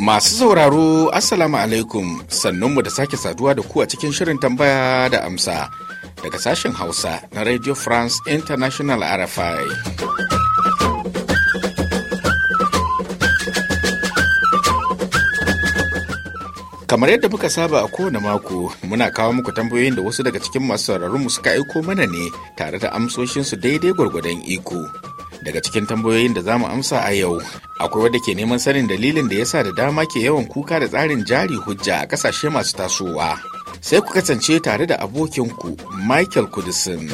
Masu sauraro Assalamu alaikum sannunmu da sake saduwa da ku a cikin shirin tambaya da amsa daga sashen Hausa na Radio France International RFI. Kamar yadda muka saba a kowane mako muna kawo muku tambayoyin da wasu daga cikin masu sauraronmu suka aiko mana ne tare da su daidai gwargwadon iko. Daga cikin tambayoyin da zamu amsa a yau, akwai wadda ke neman sanin dalilin da yasa da dama ke yawan kuka da tsarin jari hujja a kasashe masu tasowa. Sai ku kasance tare da abokinku Michael Kudisin.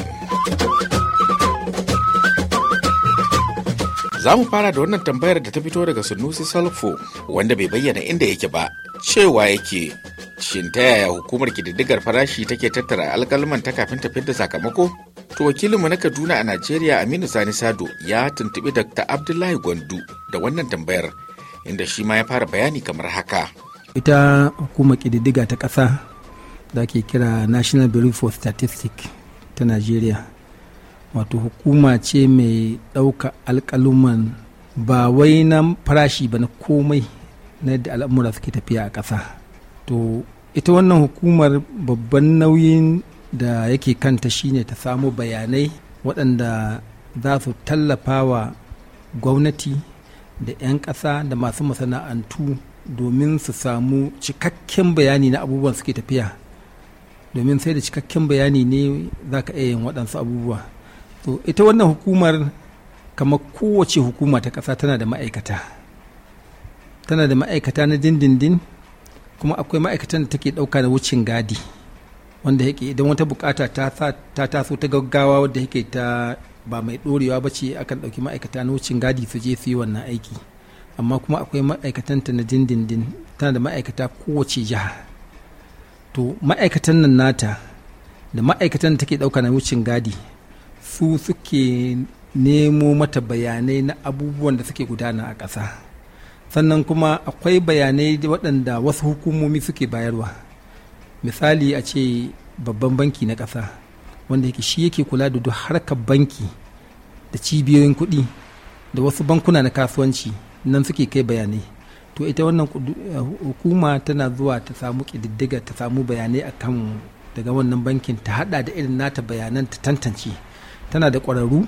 Za mu fara da wannan tambayar da ta fito daga Sunusi Salfo wanda bai bayyana inda yake ba cewa yake shin ta yaya hukumar kididdigar farashi take tattara alkalman ta kafin tafiyar da sakamako to wakilinmu na kaduna a najeriya aminu sani sado ya tuntubi dr abdullahi gwandu da wannan tambayar inda shi ma ya fara bayani kamar haka ita hukumar kididdiga ta ƙasa da ake kira national bureau for statistics ta najeriya wato hukuma ce mai ɗauka alkaluman ba wai na farashi ba na komai na yadda al'amura suke tafiya a ƙasa to ita wannan hukumar babban nauyin da yake kanta shine ta samu bayanai waɗanda za su tallafa gwamnati da 'yan ƙasa da masu masana'antu domin su samu cikakken bayani na abubuwan suke tafiya domin sai da cikakken bayani ne za ka iya yin waɗansu abubuwa to ita wannan hukumar kamar kowace hukuma ta ƙasa tana da ma'aikata tana da ma'aikata na dindindin kuma akwai ma'aikatan da take ɗauka da wucin gadi wanda yake idan wata bukata ta taso ta gaggawa wadda yake ta ba mai dorewa ba ce akan ɗauki ma'aikata na wucin gadi su je su yi wannan aiki amma kuma akwai ta na dindindin tana da ma'aikata kowace jiha to ma'aikatan nan nata da ma'aikatan da take ɗauka na wucin gadi su suke nemo mata bayanai na abubuwan da suke gudana a ƙasa sannan kuma akwai bayanai waɗanda wasu hukumomi suke bayarwa misali a ce babban banki na ƙasa wanda yake shi yake kula da duk harkar banki da cibiyoyin kuɗi da wasu bankuna na kasuwanci nan suke kai bayanai to ita wannan eh, hukuma tana zuwa ta samu ƙididdiga ta samu bayanai akan daga wannan bankin ta hada da irin nata bayanan ta tantance tana da ƙwararru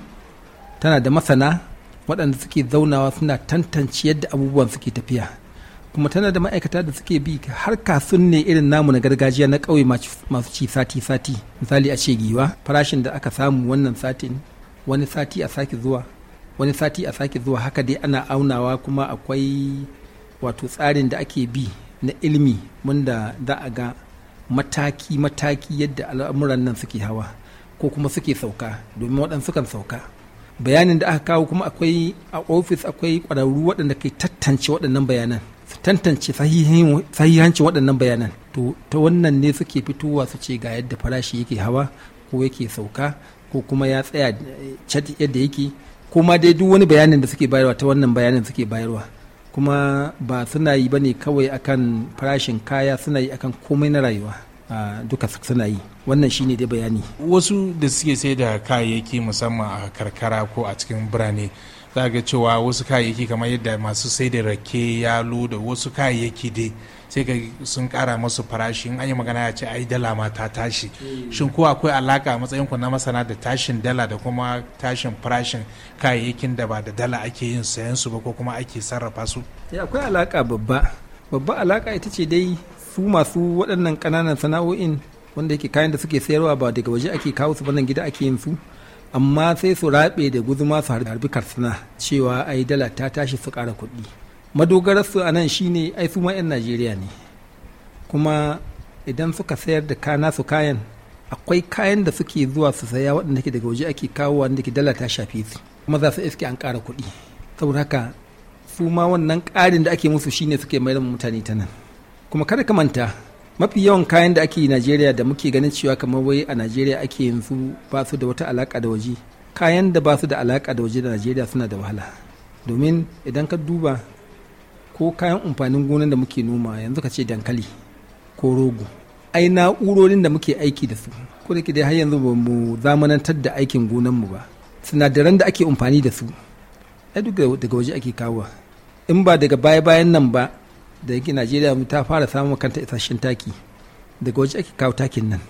tana da masana waɗanda suke zaunawa suna tantance yadda abubuwan suke tafiya kuma tana da ma'aikata da suke bi har kasun ne irin namu na gargajiya na ƙauye masu ci sati sati misali a ce giwa farashin da aka samu wannan satin wani sati a sake zuwa wani sati a sake zuwa haka dai ana aunawa kuma akwai wato tsarin da ake bi na ilimi wanda za a ga mataki mataki yadda al'amuran nan suke hawa ko kuma suke sauka domin waɗansu kan sauka bayanin da aka kawo kuma akwai a ofis akwai ƙwararru waɗanda ke tantance waɗannan bayanan su tantance sahihancin waɗannan bayanan to ta wannan ne suke fitowa su ce ga yadda farashi yake hawa ko yake sauka ko kuma ya tsaya eh, cat yadda yake ko ma dai duk wani bayanin da suke bayarwa ta wannan bayanin suke bayarwa kuma ba suna yi bane kawai akan farashin kaya suna yi akan komai na rayuwa duka suna yi wannan shine dai bayani wasu da suke sai da kayayyaki musamman a karkara ko a cikin birane za ga cewa wasu kayayyaki kamar yadda masu sai da rake yalo da wasu kayayyaki dai sai ka sun kara masu farashin in an yi magana ya ce ai dala ma ta tashi hmm. shin ko akwai alaka matsayin ku na masana da tashin dala da kuma tashin farashin kayayyakin da ba da dala ake yin sayan su ba ko kuma ake sarrafa su eh, akwai alaka babba babba alaka ita ce dai su masu waɗannan ƙananan sana'o'in wanda yake kayan da suke sayarwa ba daga waje ake kawo su nan gida ake yin su amma sai su raɓe da guzuma su harbi karsana cewa ai dala ta tashi su ƙara kuɗi madogarar su a nan shine ai su ma 'yan najeriya ne kuma idan suka sayar da kana su kayan akwai kayan da suke zuwa su saya waɗanda ke daga waje ake kawo wanda ke dala ta shafe su kuma za su iske an ƙara kuɗi saboda haka su ma wannan ƙarin da ake musu shine suke mayar mutane ta nan kuma kada ka manta mafi yawan kayan da ake yi najeriya da muke ganin cewa kamar wai a najeriya ake yanzu ba su da wata alaka da waje kayan da ba su da alaka da waje da najeriya suna da wahala domin idan ka duba ko kayan amfanin gonan da muke noma yanzu ka ce dankali ko rogo ai na'urorin da muke aiki da su ko da dai har yanzu ba mu zamanantar da aikin gonanmu ba sinadaran da ake amfani da su ai duk daga waje ake kawo in ba daga baya bayan nan ba da yake najeriya ta fara samun kanta isasshen taki daga waje ake kawo takin nan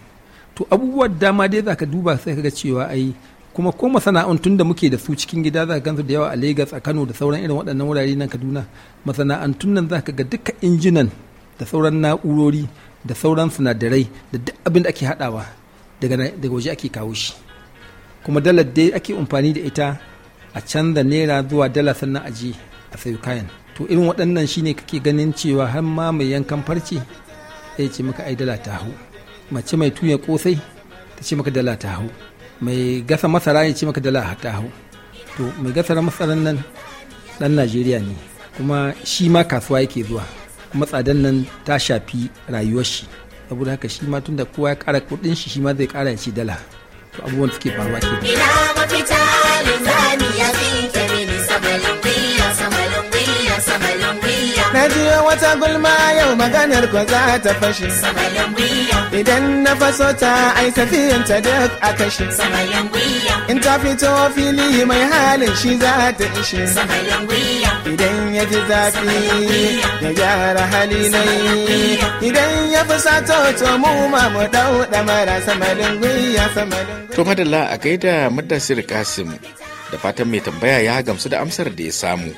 to abubuwan dama dai za ka duba sai ka ga cewa ai kuma ko masana'antun da muke da su cikin gida za ka gansu da yawa a lagos a Kano da sauran irin waɗannan wurare nan Kaduna masana'antun nan za ka ga duka injinan da sauran na'urori da sauran sinadarai da duk abin da ake haɗawa daga waje ake kawo shi kuma dalar dai ake amfani da ita a canza naira zuwa dala sannan je a sayo kayan to irin waɗannan shine kake ganin cewa har ma mai yankan farce ya ce maka ai dala ta hau mace mai tuya kosai ta ce maka dala ta hau mai gasa masara ya ce maka dala ta hau to mai gasar masarar nan ɗan najeriya ne kuma shi ma kasuwa yake zuwa kuma tsadan nan ta shafi rayuwar shi saboda haka shi ma tun da kowa ya kara kuɗin shi shi ma zai kara ya ci dala to abubuwan suke faruwa ke ina mafita linzami ya jiyo wata gulma yau maganar ko za ta fashe idan na faso ta ai safiyan ta duk a kashe in ta fito fili mai halin shi za ta ishe idan ya ji zafi ya gyara hali nai idan ya fi sato to mu ma mu dau mara samalin gwiya samalin to madalla a gaida madasir kasim da fatan mai tambaya ya gamsu da amsar da ya samu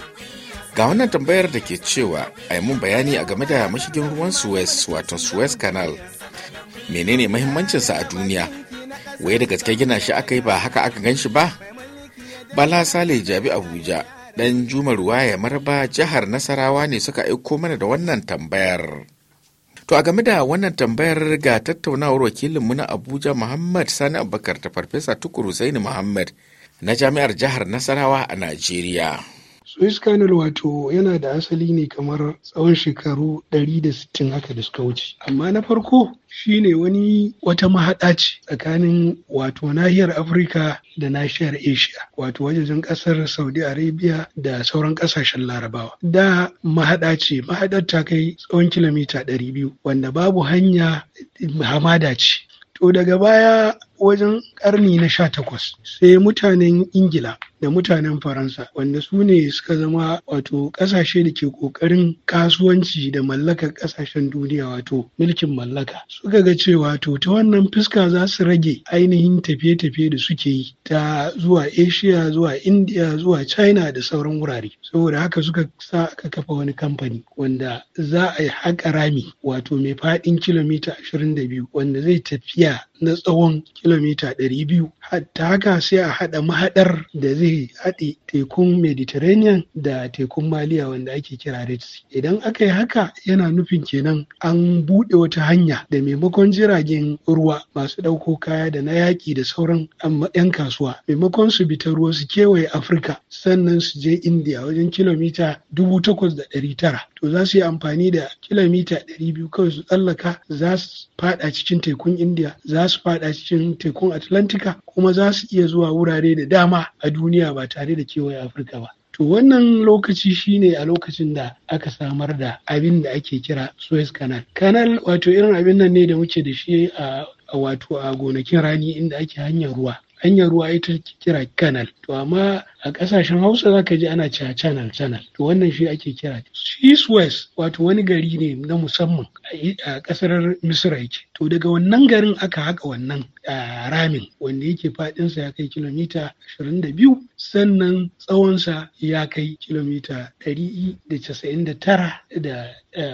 Ga wannan tambayar da ke cewa a yi mun bayani a game da mashigin ruwan Suez wato Suez Canal. Menene mahimmancinsa a duniya? Waye da gaske gina shi aka yi ba haka aka gan shi ba? Bala Sale Jabi Abuja ɗan Juma ya maraba jihar Nasarawa ne suka aiko mana da wannan tambayar. To a game da wannan tambayar ga tattaunawar wakilin na Abuja Muhammad Sani Abubakar da Farfesa Tukuru Zaini Muhammad na Jami'ar Jihar Nasarawa a Najeriya. Swiss Canal wato yana da asali ne kamar tsawon shekaru 160 haka da suka wuce. Amma na farko shi ne wani wata mahaɗa ce tsakanin wato nahiyar Afrika da nahiyar Asia, wato wajajen ƙasar Saudi Arabia da sauran ƙasashen Larabawa. Da mahaɗa ce, mahaɗar ta kai tsawon kilomita 200 wanda babu hanya hamada ce. To daga baya wajen karni na sha takwas sai mutanen ingila da mutanen faransa wanda su ne suka zama wato kasashe da ke kokarin kasuwanci da mallakar kasashen duniya wato mulkin mallaka suka ga cewa to ta wannan fuska za su rage ainihin tafiye-tafiye da suke yi ta zuwa asia zuwa india zuwa china da sauran wurare saboda haka suka sa aka kafa wani kamfani wanda za a yi haƙa rami wato mai faɗin kilomita 22 wanda zai tafiya na tsawon kilomita kilomita 200 hatta haka sai a haɗa mahaɗar da zai haɗe tekun mediterranean da tekun maliya wanda ake kira red sea idan aka yi haka yana nufin kenan an buɗe wata hanya da maimakon jiragen ruwa masu ɗauko kaya da na yaƙi da sauran 'yan kasuwa maimakon su bi ta ruwa su kewaye afirka sannan su je india wajen kilomita 8,900 to za su yi amfani da kilomita 200 kawai su tsallaka za su faɗa cikin tekun india za su faɗa cikin tekun atlantika kuma za su iya zuwa wurare da dama a duniya ba tare da kewaye afirka ba to wannan lokaci shine a lokacin da aka samar da abin da ake kira suez canal canal wato irin abin nan ne da muke da shi a wato a gonakin rani inda ake hanyar ruwa hanyar ruwa ita kira canal to amma a ƙasashen hausa za ka ji ana cewa channel channel to wannan shi ake kira east west wato wani gari ne na musamman a ƙasar misira yake to daga wannan garin aka haka wannan ramin wanda yake faɗinsa ya kai kilomita 22 sannan tsawonsa ya kai kilomita 199 da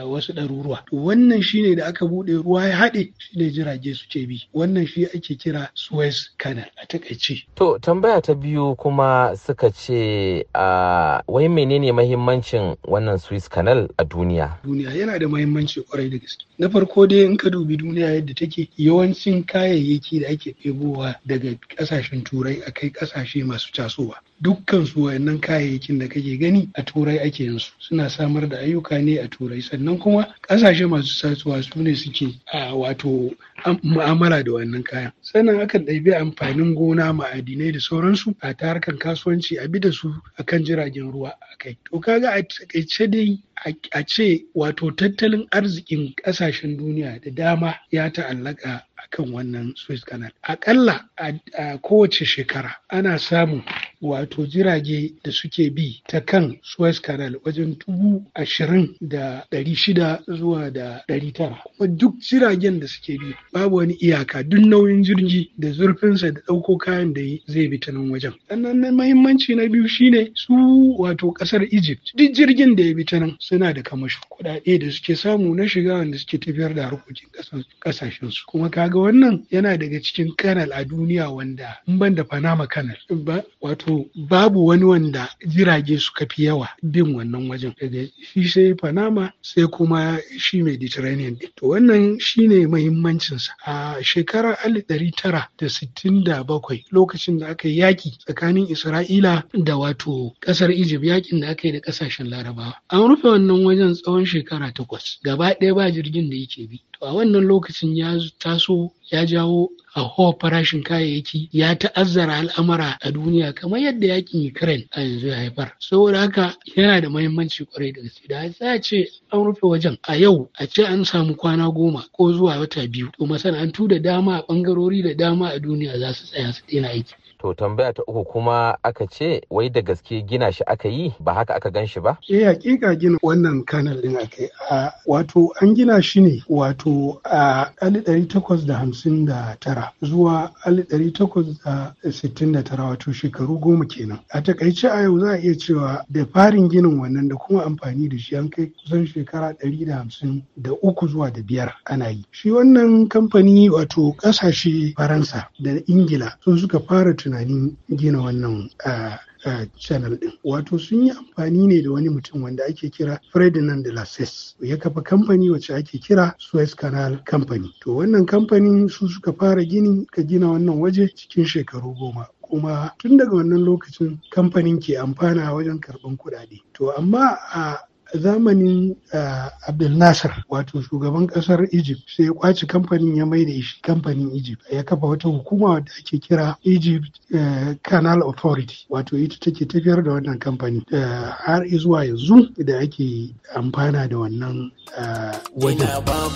wasu ɗaruruwa to wannan shi ne da aka buɗe ruwa ya haɗe shi ne jirage su ce bi wannan shi ake kira suez canal a takaice to tambaya ta biyu kuma suka suka ce ah, wai menene mahimmancin wannan Swiss Canal a duniya? Duniya yana da mahimmanci kwarai da gaske. Na farko dai in ka dubi duniya yadda take yawancin kayayyaki da ake ɗebowa daga ƙasashen turai a kai ƙasashe masu tasowa dukkan su wayannan kayayyakin da kake gani a turai ake yin su suna samar da ayyuka ne a turai sannan kuma kasashe masu satuwa su ne suke wato mu'amala da wannan kayan sannan akan ɗabi amfanin gona ma'adinai da sauransu a ta harkar kasuwanci a bi da su a kan jiragen ruwa a kai to kaga a takaice dai a ce wato tattalin arzikin ƙasashen duniya da dama ya ta'allaka A kan wannan Suez Canal. Akalla a kowace shekara ana samun wato jirage da suke bi ta kan Suez Canal wajen dubu ashirin da ɗari shida zuwa da ɗari tara. Kuma duk jiragen da suke bi babu wani iyaka duk nauyin jirgi da zurfinsa da ɗauko kayan da zai bi ta nan wajen. Sannan na mahimmanci na biyu shine su wato ƙasar Egypt duk jirgin da ya bi ta nan suna da kamashin kuɗaɗe da suke samu na shiga wanda suke tafiyar da harkokin ƙasashensu. Kuma ka kaga wannan yana daga cikin kanal a duniya wanda in ban da panama kanal ba wato babu wani wanda jirage suka fi yawa bin wannan wajen daga shi sai panama sai kuma shi mediterranean to wannan shine mahimmancinsa a shekarar 1967 lokacin da aka yi yaki tsakanin isra'ila da wato kasar egypt yakin da aka yi da kasashen larabawa an rufe wannan wajen tsawon shekara takwas gaba ɗaya ba jirgin da yake bi a wannan lokacin ya taso ya jawo a hawa farashin kayayyaki ya ta'azzara al'amara a duniya kamar yadda yakin ukraine a yanzu ya haifar saboda haka yana da mahimmanci kwarai da gaske da za ce an rufe wajen a yau a ce an samu kwana goma ko zuwa wata biyu to masana'antu da dama a bangarori da dama a duniya za su tsaya su daina aiki To tambaya ta uku kuma aka ce wai da gaske gina shi aka yi ba haka aka gan shi ba? E, hakika gina wannan kanal din aka yi. Wato an gina shi ne wato a ali ɗari takwas da hamsin da tara zuwa ali ɗari takwas da sittin da tara wato shekaru goma kenan. A takaice a yau za a iya cewa da farin ginin wannan da kuma amfani da shi an kai kusan shekara ɗari da hamsin da uku zuwa da biyar ana yi. Shi wannan kamfani wato ƙasashe Faransa da Ingila sun suka fara tunanin gina wannan channel din wato sun yi amfani ne da wani mutum wanda ake kira ferdinand de lasses ya kafa kamfani wacce ake kira suez canal company to wannan kamfanin su suka fara gini ka gina wannan waje cikin shekaru goma kuma tun daga wannan lokacin kamfanin ke amfana wajen karɓan kuɗaɗe. To amma a zamanin eh, Abdul nasir wato shugaban kasar Egypt sai ya kwaci kamfanin ya mai da shi kamfanin Egypt ya kafa wata hukuma wadda ake kira Egypt eh, Canal Authority wato ita take tafiyar da wannan kamfani eh, har zuwa yanzu da ake amfana da wannan wajen. babu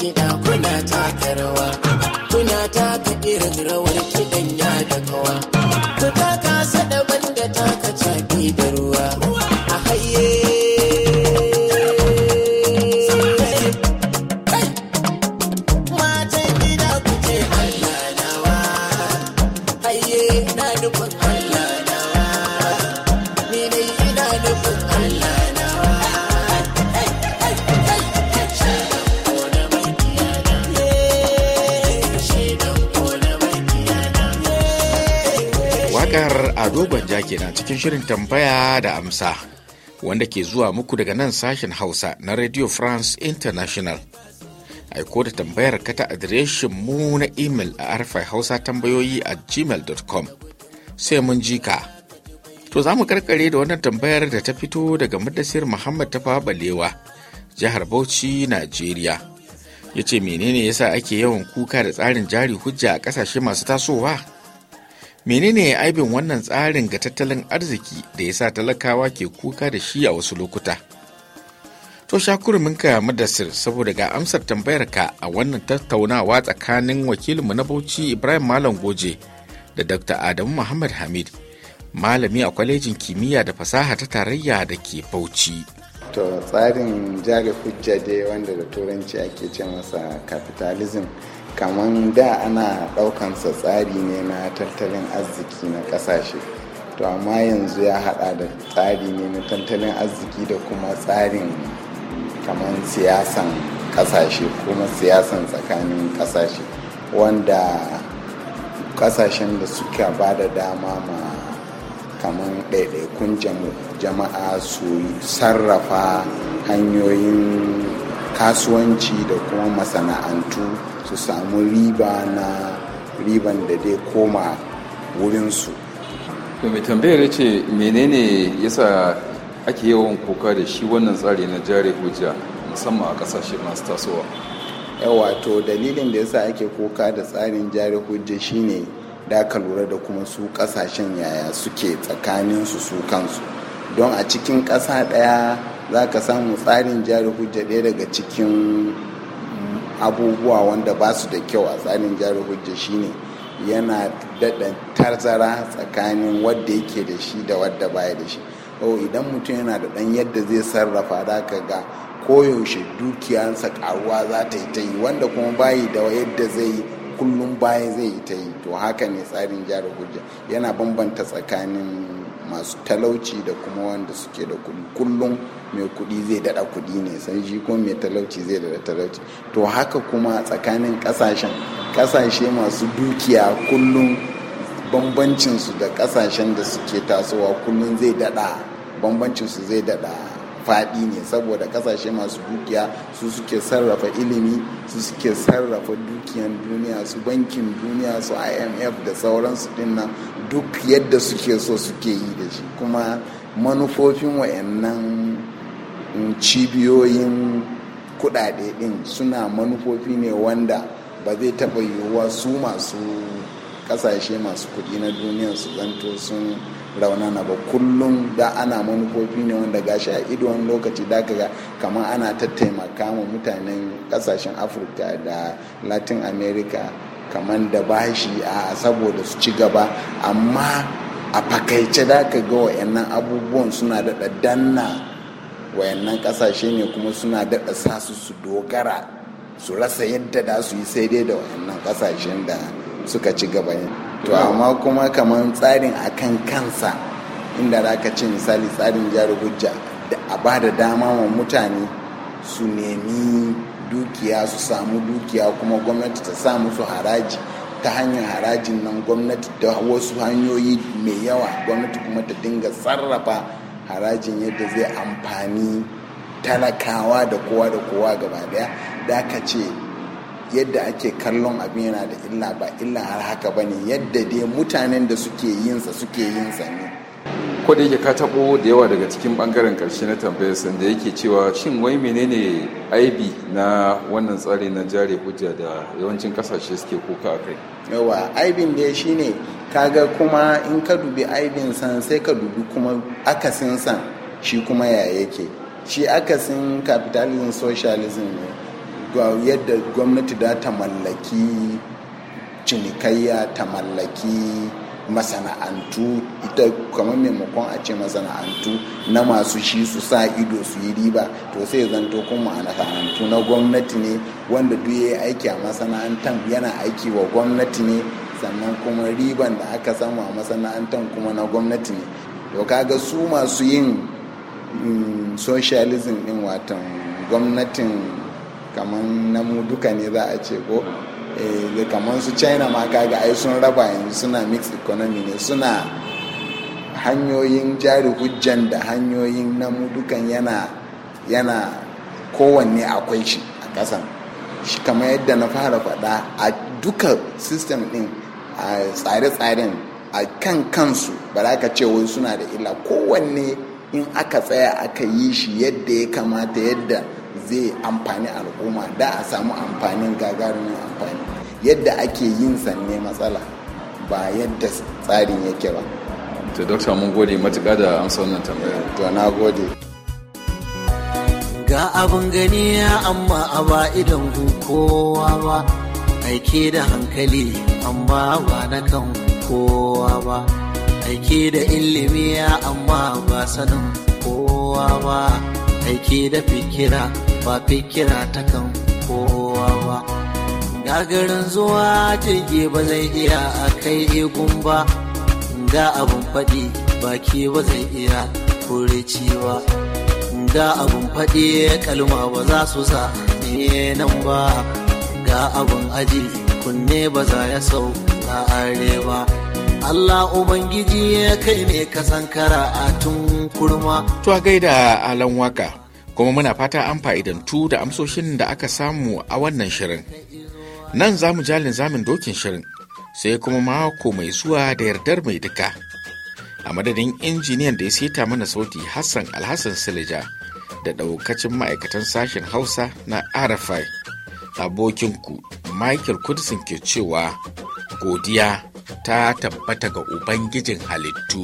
kiɗa kuna taka rawar kiɗan da kawa, ku Waƙar Ado Gwanja na cikin shirin tambaya da amsa wanda ke zuwa muku daga nan sashen Hausa na Radio France International. Aiko da tambayar ka ta adireshin mu na imel a arfai Hausa tambayoyi a gmail.com sai mun ji ka. To za mu karkare da wannan tambayar da ta fito daga madasir Muhammad ta Balewa, jihar Bauchi, nigeria ya ce menene yasa ake yawan kuka da tsarin jari hujja a kasashe masu tasowa menene aibin wannan tsarin ga tattalin arziki da ya sa talakawa ke kuka da shi a wasu lokuta to ka madasir saboda ga amsar tambayar ka a wannan tattaunawa tsakanin wakilinmu na bauchi ibrahim malam goje da dr adamu muhammad hamid malami a kwalejin kimiyya da fasaha ta tarayya da ke bauchi to tsarin jari hujja dai wanda da turanci ake ce masa capitalism kamar da ana ɗaukansa tsari ne na tattalin arziki na kasashe to amma yanzu ya hada da tsari ne na tattalin arziki da kuma tsarin kamar siyasan kasashe kuma siyasan tsakanin kasashe wanda kasashen da suka ba da dama ma kamar ɗaiɗaikun jama'a su sarrafa hanyoyin kasuwanci da kuma masana'antu su samu riba na riban da dai koma wurinsu mai tambayar ce menene yasa ake yawan koka da shi wannan tsari na jari hujja musamman a kasashe masu tasowa wato dalilin da yasa ake koka da tsarin jari hujja shine da ka lura da kuma su kasashen yaya suke tsakaninsu su kansu don a cikin ƙasa ɗaya za ka samu tsarin jari hujja ɗaya daga cikin abubuwa wanda ba su da kyau a tsarin jari hujja shine yana daɗa tarzara tsakanin wadda yake da shi da wadda baya da shi o oh, idan mutum yana da ɗan yadda zai sarrafa da ka ga koyaushe dukiyarsa karuwa za ta yi ta yi wanda kuma bayi da yadda zai kullum baya zai yi ta yi to haka ne tsarin jari hujja yana bambanta tsakanin masu talauci da kuma wanda suke da kullum mai kuɗi zai daɗa kuɗi ne san shi kuma mai talauci zai daɗa talauci to haka kuma tsakanin ƙasashen ƙasashe masu dukiya kullum bambancinsu da ƙasashen da suke tasowa kullum zai daɗa bambancinsu zai daɗa faɗi ne saboda ƙasashe masu dukiya su suke sarrafa ilimi su suke sarrafa dukiyan duniya su bankin duniya su imf da sauransu dinnan duk yadda suke so suke yi da shi kuma manufofin waɗannan. cibiyoyin kudade din suna manufofi ne wanda ba zai taɓa yiwuwa su masu kasashe masu kudi na duniya su zanto sun raunana ba kullum da ana manufofi ne wanda gashi a ido wani lokaci da ga kamar ana tattaimaka ma mutanen kasashen afirka da latin america kamar da bashi a saboda su ci gaba amma a fakaice da ka ga wa'annan abubuwan suna da danna wayannan kasashe ne kuma suna daɗa sa su su dogara su rasa yadda da su yi sai dai da wayannan kasashe da suka ci gaba to mm. amma kuma kamar tsarin akan kansa inda za ka ce misali tsarin jari hujja da a ba da dama wa mutane su nemi dukiya su samu dukiya kuma gwamnati ta sa musu haraji ta hanyar harajin nan gwamnati da wasu hanyoyi mai yawa gwamnati kuma ta dinga sarrafa harajin yadda zai amfani talakawa da kowa da kowa gaba daya da aka ce yadda ake kallon abin yana da illa ba illa har haka ba ne. yadda dai mutanen da suke yinsa suke yinsa ne ko da yake ka taɓo da yawa daga cikin bangaren karshe na tambayar sanda yake cewa shin wai menene aibi na wannan tsari na jare hujja da yawancin kasashe suke kuka akai yawa aibin dai shine kaga kuma in ka dubi aibin san sai ka dubi kuma akasin san shi kuma ya yake shi akasin capitalism socialism ne yadda gwamnati da ta mallaki cinikayya ta mallaki masana'antu ita kamar maimakon a ce masana'antu na masu shi su sa ido su yi riba to sai zanto kuma masana'antu na gwamnati ne wanda duk ya aiki a masana'antar yana aiki wa gwamnati ne sannan kuma riban da aka samu a masana'antar kuma na gwamnati ne to kaga su masu yin mm, socialism din watan gwamnatin kamar na mu duka ne za a ce ko eh, kamar su china ma kaga ai sun raba yanzu suna mixed economy ne suna hanyoyin jari hujjan da hanyoyin na mu dukan yana yana kowanne akwai shi a kasan kamar yadda na fara faɗa a duka system din a tsare-tsaren a kan kansu ba za ka ce wai suna da illa kowanne in aka tsaya aka yi shi yadda ya kamata yadda zai amfani al'umma da a samu amfanin gagarumin amfani yadda ake yin sanne matsala ba yadda tsarin yake ba to dokta mun gode matuƙa da amsa wannan tambaya to na gode ga abin gani amma a ba idan kowa ba aike da hankali amma ba na kan kowa ba aike da ilimi amma ba sanin kowa ba aike da fikira ba fikira ta kan kowa ba gagarin zuwa jirgi ba zai iya a kai egun ba ga abin faɗi baki ba zai iya kureci ba ga abin faɗi kalma ba za su sa nan ba ga abin aji kunne ba za ya sau arewa Allah Ubangiji ya kai ne kasan tun kurma. To gaida alan waka kuma muna fata an fa'idantu da amsoshin da aka samu a wannan shirin. Nan za mu jalin zamin dokin shirin sai kuma mako mai zuwa da yardar mai duka. A madadin injiniyan da ya seta mana sauti Hassan Alhassan Silija da ɗaukacin ma'aikatan sashen Hausa na RFI. abokinku michael kudisin ke cewa godiya ta tabbata ga ubangijin halittu